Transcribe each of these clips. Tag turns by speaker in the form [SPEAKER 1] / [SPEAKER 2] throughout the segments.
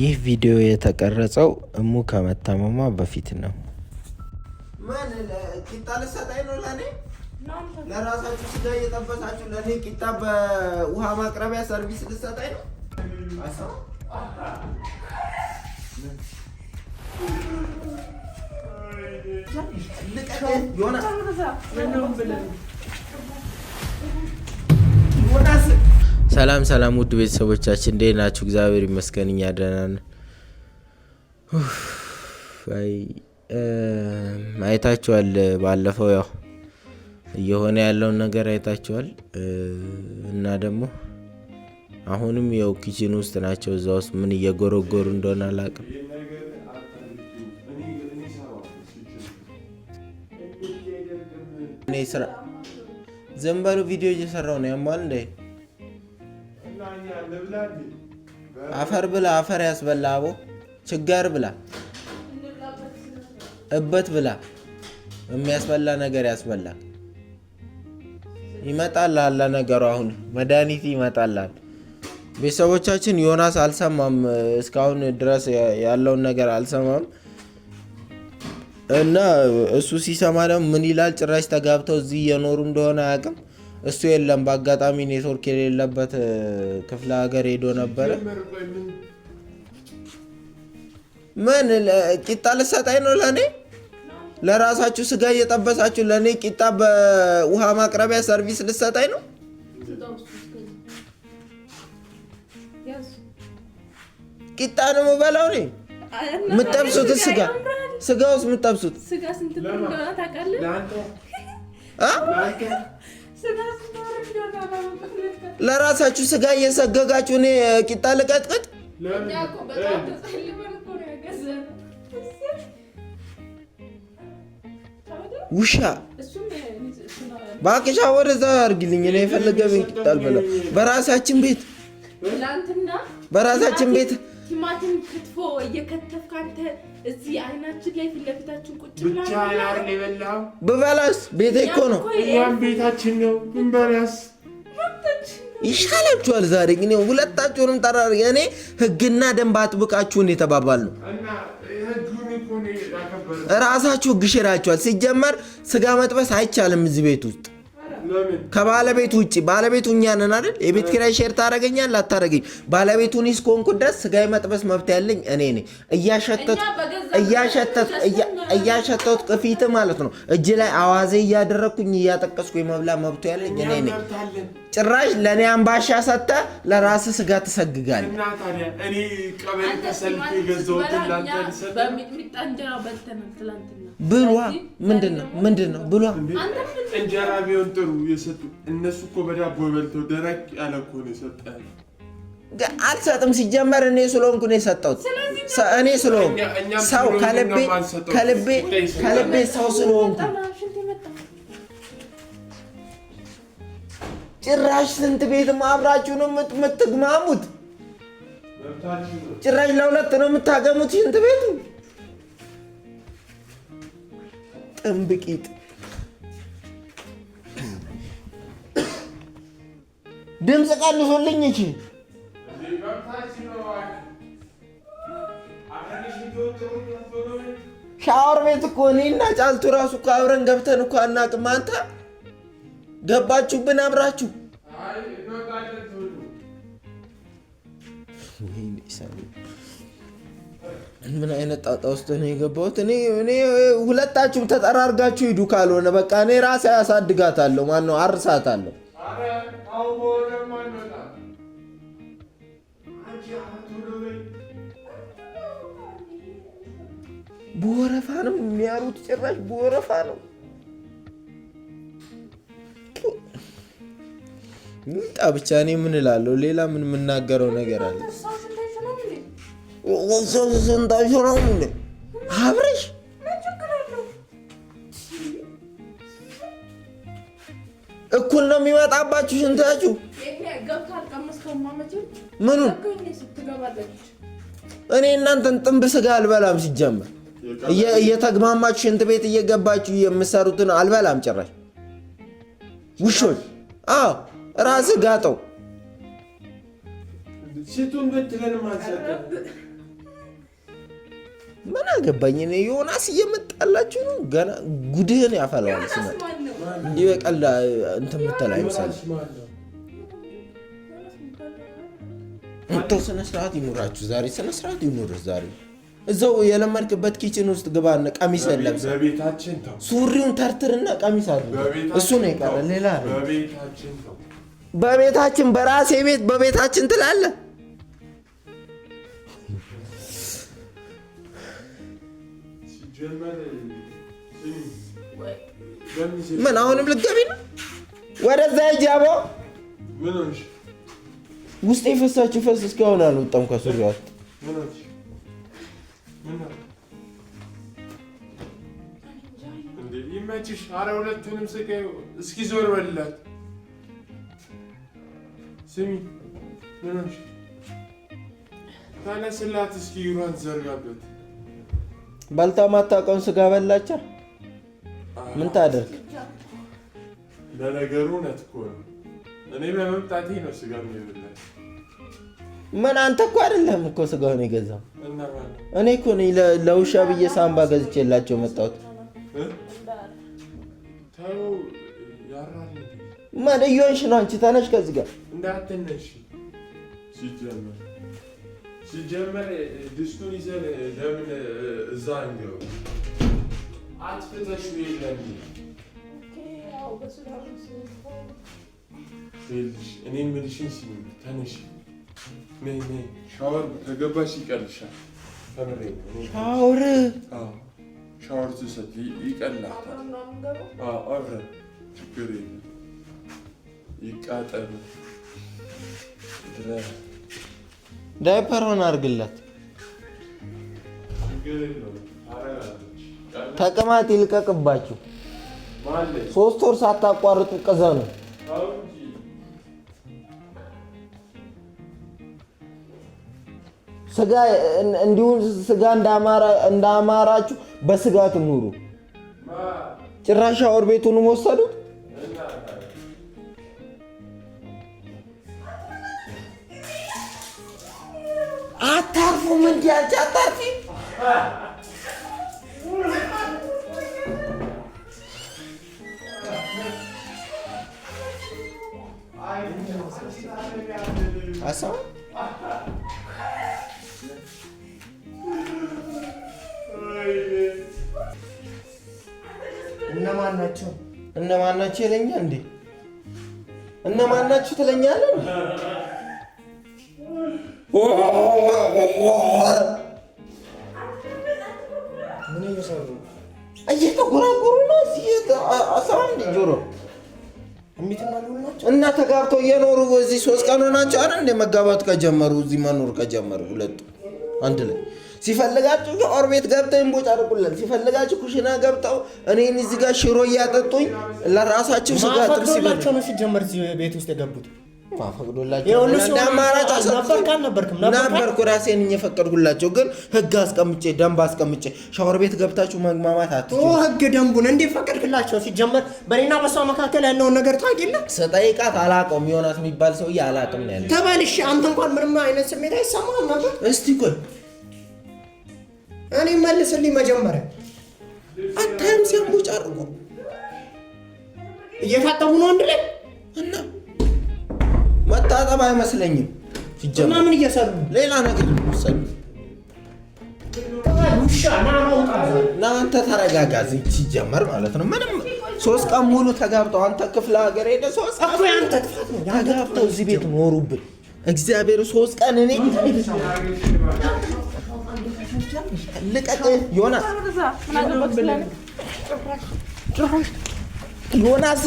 [SPEAKER 1] ይህ ቪዲዮ የተቀረጸው እሙ ከመታመሟ በፊት ነው።
[SPEAKER 2] ምን ቂጣ ልትሰጠኝ ነው? ለእኔ ለራሳችሁ ስጋ እየጠበሳችሁ ለእኔ ቂጣ በውሃ ማቅረቢያ ሰርቪስ ልትሰጠኝ ነው?
[SPEAKER 1] ዮናስ ሰላም ሰላም፣ ውድ ቤተሰቦቻችን እንዴት ናችሁ? እግዚአብሔር ይመስገን እኛ ደህና ነን። አይታችኋል፣ ባለፈው ያው እየሆነ ያለውን ነገር አይታችኋል። እና ደግሞ አሁንም ያው ኪችን ውስጥ ናቸው። እዛ ውስጥ ምን እየጎረጎሩ እንደሆነ አላውቅም። ዝም በሉ፣ ቪዲዮ እየሰራው ነው ያማል እንዴ አፈር ብላ አፈር ያስበላ አቦ ችጋር ብላ እበት ብላ የሚያስበላ ነገር ያስበላ ይመጣል አለ ነገሩ። አሁን መድኃኒት ይመጣላል። ቤተሰቦቻችን ዮናስ አልሰማም፣ እስካሁን ድረስ ያለውን ነገር አልሰማም። እና እሱ ሲሰማ ደግሞ ምን ይላል? ጭራሽ ተጋብተው እዚህ እየኖሩ እንደሆነ አያውቅም። እሱ የለም። በአጋጣሚ ኔትወርክ የሌለበት ክፍለ ሀገር ሄዶ ነበረ። ምን ቂጣ ልሰጣኝ ነው? ለእኔ ለራሳችሁ ስጋ እየጠበሳችሁ ለእኔ ቂጣ በውሃ ማቅረቢያ ሰርቪስ ልሰጣኝ ነው? ቂጣ ነው የምበላው እኔ። የምጠብሱት ስጋ ስጋ ውስጥ የምጠብሱት ለራሳችሁ ስጋ እየሰገጋችሁ እኔ ቂጣ ልቀጥቅጥ? ውሻ ባቅሻ ወደዛ አድርጊልኝ። እኔ የፈለገብኝ ቂጣ አልበላም። በራሳችን ቤት በራሳችን ቤት እየከተፍክ አንተ
[SPEAKER 3] እዚህ አይናችን ላይ ፊት ለፊታችን ቁጭ
[SPEAKER 1] ብበላስ ቤቴ እኮ ነው፣
[SPEAKER 3] እኛም ቤታችን ነው። ብንበላስ
[SPEAKER 1] ይሻላችኋል። ዛሬ ግን ሁለታችሁንም ጠራሪ እኔ ህግና ደንብ አጥብቃችሁን የተባባል ነው። ራሳችሁ ግሽራችኋል። ሲጀመር ስጋ መጥበስ አይቻልም እዚህ ቤት ውስጥ ከባለቤቱ ውጭ ባለቤቱ እኛንን አይደል? የቤት ኪራይ ሼር ታደርገኛለህ አታደርገኝ? ባለቤቱን እስከሆንኩ ድረስ ስጋዬ መጥበስ መብት ያለኝ እኔ ነኝ። እያሸተት ቅፊት ማለት ነው እጅ ላይ አዋዜ እያደረግኩኝ እያጠቀስኩ የመብላ መብቱ ያለኝ እኔ ነኝ። ጭራሽ ለእኔ አምባሻ ሰጥተህ ለራስ ስጋ ትሰግጋል። ብሏ ምንድን ነው ምንድን ነው ብሏ
[SPEAKER 3] እንጀራ ቢሆን ጥሩ ነው የሰጡ እነሱ እኮ በዳቦ በልተው ደረቅ ያለ እኮ ነው የሰጠኸኝ።
[SPEAKER 1] አልሰጥም ሲጀመር እኔ ስለሆንኩ ነው የሰጠሁት። እኔ ስለሆንኩ ሰው ከልቤ ከልቤ ከልቤ ሰው ስለሆንኩ ጭራሽ ስንት ቤት አብራችሁ ነው የምትግማሙት? ጭራሽ ለሁለት ነው የምታገሙት ስንት ቤቱ ጥንብቂጥ ድምፅ ቀንሱልኝ። እቺ ሻወር ቤት እኮ እኔና ጫልቱ ራሱ እኮ አብረን ገብተን እኮ አናውቅም። አንተ ገባችሁብን አብራችሁ ምን አይነት ጣጣ ውስጥ ነው የገባሁት? እኔ ሁለታችሁም ተጠራርጋችሁ ሂዱ፣ ካልሆነ በቃ እኔ ራሴ ያሳድጋታለሁ። ማነው አርሳታለሁ። ታውቆ ደግሞ አንቺ በወረፋ ነው የሚያሉት፣ ጭራሽ በወረፋ ነው ብቻ። እኔ ምን እላለሁ? ሌላ ምን የምናገረው ነገር አለ? ስንታሽ ነው አብረሽ እኩል ነው የሚመጣባችሁ ሽንታችሁ። ምኑ እኔ እናንተን ጥንብ ስጋ አልበላም። ሲጀመር እየተግማማችሁ ሽንት ቤት እየገባችሁ የምሰሩትን አልበላም ጭራሽ። ውሾች! አዎ ራስ ጋጠው ምን አገባኝ እኔ። ዮናስ እየመጣላችሁ ነው ገና። ጉድህን ያፈላዋል ሲመጣ እንዲህ በቀላ እንትን የምትል አይመስልም። ስነ ስርዓት ይኑራችሁ። ዛሬ ስነ ስርዓት ይኑር። ዛሬ እዛው የለመድክበት ኪችን ውስጥ ግባና ቀሚስ ለብስ። ሱሪውን ተርትርና ቀሚስ አለ። እሱ ነው የቀረ ሌላ በቤታችን በራሴ ቤት በቤታችን ትላለህ። ምን አሁንም ልትገቢ ነው? ወደዛ ሂጂ አቦ። ውስጥ የፈሳችሁ ፈስ እስካሁን አልወጣም ከሱሪዋ
[SPEAKER 3] ይመችሽ። ኧረ ሁለቱንም ስቀይው እስኪ ዞር በልላት። ስሚ ተነስላት እስኪ ሩን ዘርጋበት።
[SPEAKER 1] በልታ ማታውቀውን ስጋ በላቻ ምን ታደርግ?
[SPEAKER 3] ለነገሩ እውነት እኮ ነው። እኔ በመምጣቴ ነው ስጋ የሚበላሽ።
[SPEAKER 1] ምን አንተ እኮ አይደለም እኮ ስጋውን የገዛው እኔ እኮ ነኝ። ለውሻ ብዬ ሳምባ ገዝቼላቸው መጣሁት። ምን እየሆንሽ ነው አንቺ? ተነሽ ከዚህ ጋር
[SPEAKER 3] እንዳትነሽ። ሲጀመር ሲጀመር ድስቱን ይዘን ለምን እዛ እንዲያው አትፍተሹ የለም እኔ የምልሽን ሲ ተነሽ ሻወር ከገባሽ ይቀልሻል። ሻወር ሻወር ትውሰድ ይቀላታል። አብረ ችግር ይቃጠሉ
[SPEAKER 1] ዳይፐር ሆነ አድርግላት ተቅማጥ ይልቀቅባችሁ። ሶስት ወር ሳታቋርጡ ቅዘኑ። ስጋ እንዲሁም ስጋ እንዳማራችሁ በስጋት ኑሩ። ጭራሽ ሻወር ቤቱንም ወሰዱት። አታርፉም? እንዲህ አንቺ አሳው እነማን ናቸው? እነማን ናቸው ይለኛል እንዴ? እነማን ናቸው ትለኛለህ? ምን እየሰሩ እየተጎራጎሩ ነው? አስራ አንድ ጆሮ እና ተጋብተው እየኖሩ እዚህ ሶስት ቀን ሆናቸው። አረ እንደ መጋባት ከጀመሩ እዚህ መኖር ከጀመሩ ሁለቱ አንድ ላይ ሲፈልጋችሁ ሻወር ቤት ገብተው ይንቦጫርቁላል። ሲፈልጋችሁ ኩሽና ገብተው እኔን እዚህ ጋር ሽሮ እያጠጡኝ ለራሳቸው ስጋ ጥብስ ሲጀመር ቤት ውስጥ የገቡት ነበርኩ ራሴን እየፈቀድኩላቸው፣ ግን ህግ አስቀምጬ ደንብ አስቀምጬ ሻወር ቤት ገብታችሁ መግማማት አት ህግ ደንቡን እንዴ ፈቀድክላቸው? ሲጀመር በኔና በሷ መካከል ያለውን ነገር ታውቂለ። ስጠይቃት አላውቀውም ዮናስ የሚባል ሰውዬ አላውቅም ያለ ተባልሽ። አንተ እንኳን ምንም አይነት ስሜት አይሰማህም ነበር። እስቲ ቆይ እኔ መልስልኝ መጀመሪያ። አታይም ሲያምቦጫርቁ እየታጠቡ ነው አንድ ላይ እና መታጠብ አይመስለኝም። እና ምን እየሰሩ ሌላ ነገር ይሰሩ። እና አንተ ተረጋጋ። ሲጀመር ማለት ነው ምንም ሶስት ቀን ሙሉ ተጋብተው አንተ ክፍለ ሀገር ሄደ ሶስት ተጋብተው እዚህ ቤት ኖሩብን። እግዚአብሔር ሶስት ቀን እኔ ልቀቅ ዮናስ ዮናስ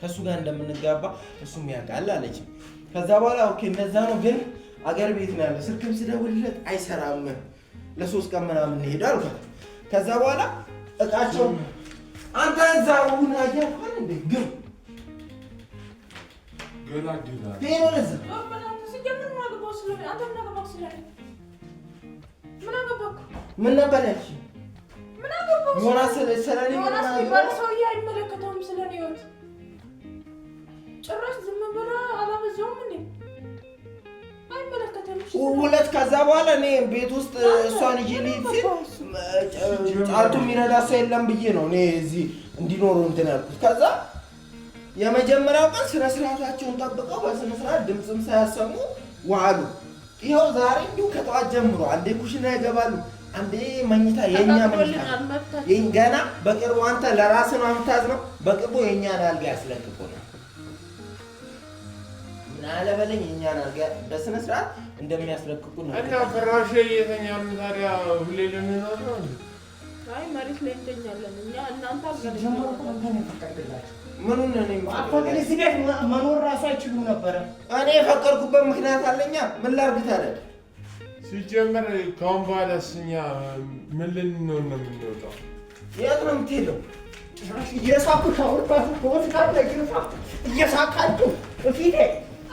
[SPEAKER 1] ከእሱ ጋር እንደምንጋባ እሱም ያውቃል አለች። ከዛ በኋላ ኦኬ እነዛ ነው ግን አገር ቤት ነው ያለው። ስልክም ስደውልለት አይሰራም። ለሶስት ቀን ምናምን እንሄዱ አልኳት። ከዛ በኋላ እቃቸው አንተ እዛ ሁን አያልኳል እንዴ ግን ምን ነበር ያልሽ? ዮናስ
[SPEAKER 4] ጭራሽ ዝም ብለህ አላበዛውም እንዴ?
[SPEAKER 1] ሁለት ከዛ በኋላ እኔ ቤት ውስጥ እሷን ይዤ ልሂድ ሲል ጫቱ የሚረዳ ሰው የለም ብዬ ነው እኔ እዚህ እንዲኖሩ እንትን ያልኩት። ከዛ የመጀመሪያው ቀን ስነ ስርዓታቸውን ጠብቀው በስነ ስርዓት ድምፅም ሳያሰሙ ዋሉ። ይኸው ዛሬ እንዲሁ ከጠዋት ጀምሮ አንዴ ኩሽና ይገባሉ፣ አንዴ መኝታ የኛ መኝታ ገና በቅርቡ አንተ ለራስ ነው የምታዝ ነው። በቅርቡ የእኛን አልጋ ያስለቅቁናል። አለበለኝ እኛን አድርጋ በስነ ስርዓት እንደሚያስረክኩ ነው። እና
[SPEAKER 3] ፍራሽ እየተኛሉ ታዲያ ሁሌ
[SPEAKER 1] መኖር ራሱ ነበረ። እኔ የፈቀድኩበት ምክንያት አለኛ። ምን ላድርግ ታዲያ
[SPEAKER 3] ሲጀመር ከአሁን በኋላ እኛ ምን ልንሆን ነው የምንወጣው?
[SPEAKER 1] የት ነው የምትሄደው? እየሳኩ ሻወር እየሳካችሁ ፊቴ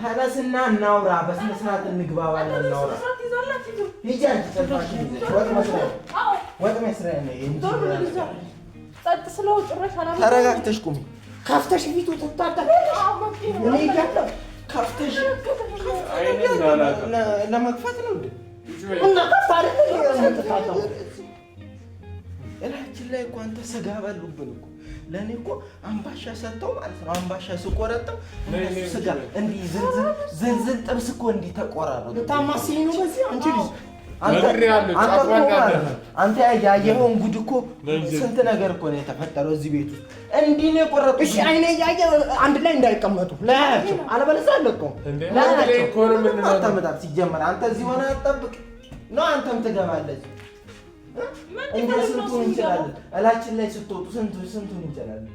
[SPEAKER 1] ተነስና እናውራ። በስነ ስርዓት እንግባባለን። እናውራ ነው። ተረጋግተሽ ቁሚ። ከፍተሽ ፊቱ ለመግፋት ነው እላችን ላይ እኮ አንተ ስጋ በሉብን እኮ ለእኔ እኮ አምባሻ ሰጥተው ማለት ነው። አምባሻ ስቆረጥም ስጋ እንዲህ ዝንዝን ዝንዝን ጥብስ እኮ እንዲህ ተቆራረጠ። ታማሲኝ ነው በዚህ አንቺ ልጅ አንተ ያየኸውን ጉድ እኮ ስንት ነገር እኮ ነው የተፈጠረው እዚህ ቤት ውስጥ። እንዲህ ነው የቆረጡ። እሺ አይኔ እያየ አንድ ላይ እንዳይቀመጡ ለያቸው፣ አለበለዚያ አለቀውም። ለያቸው። አታመጣም። ሲጀመር አንተ እዚህ ሆነ አትጠብቅ ነው አንተም ትገባለች እንደ ስንቱን እንችላለን። እላችን ላይ ስትወጡ ስንቱን እንችላለን።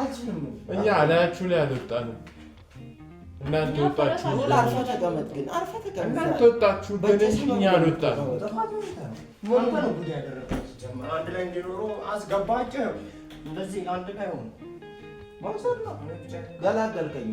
[SPEAKER 1] አልችልም።
[SPEAKER 3] እኛ እላያችሁ ላይ አልወጣንም። እናንተ ወጣችሁ። አርፈህ ተቀመጥ
[SPEAKER 1] ግን አርፈህ ተቀመጥ። እናንተ ወጣችሁ ግን
[SPEAKER 3] እኛ አልወጣንም።
[SPEAKER 1] አንድ ላይ እንዲኖሩ እንደዚህ አንድ ላይ ገላገልከኝ።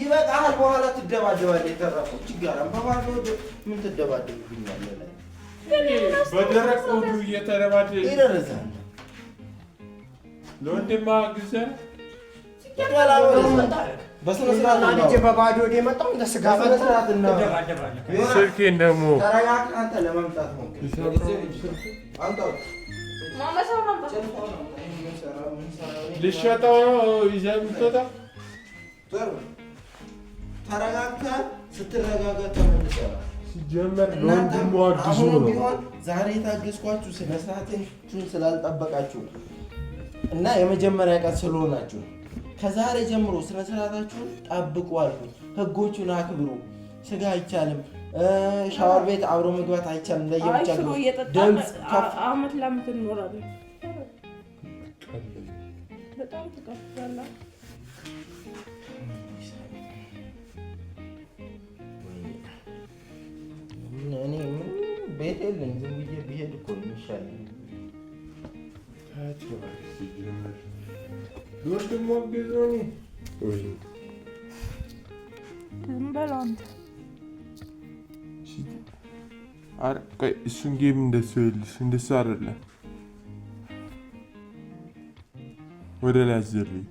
[SPEAKER 1] ይበቃሃል። በኋላ ትደባደባለህ። የተረፈው ችጋራም በባዶ ምን ትደባደብብኛለህ?
[SPEAKER 3] በደረቅ ሆዱ እየተረባደ ይደረዛል። ለወንድማ ጊዜ
[SPEAKER 1] በባዶ እንደ ስጋ
[SPEAKER 3] ስልኬን ደግሞ
[SPEAKER 1] ተረጋግተህ አንተ ለመምጣት ሞክር።
[SPEAKER 3] ልሸጠው ይዘህ የምትወጣ ጥሩ።
[SPEAKER 1] ተረጋግተህ ስትረጋጋ ተመልሰህ
[SPEAKER 3] ሲጀመር ለወንድሙ አዲሱ ነው።
[SPEAKER 1] ዛሬ የታገዝኳችሁ ስነ ስርዓታችሁን ስላልጠበቃችሁ እና የመጀመሪያ ቀን ስለሆናችሁ ከዛሬ ጀምሮ ስነ ስርዓታችሁን ጠብቁ ህጎቹን አክብሩ። ስጋ አይቻልም። ሻወር ቤት አብሮ መግባት አይቻልም። ለየብቻ ድምፅ ከፍ በጣም ትቀፍዛላ። እኔ ቤት የለኝ። ዝም ብዬ ብሄድ እኮ ይሻለኝ።
[SPEAKER 3] እሱን ጌም እንደሱ የለሽ እንደሱ አይደለም። ወደ ላይ አዘለኝ።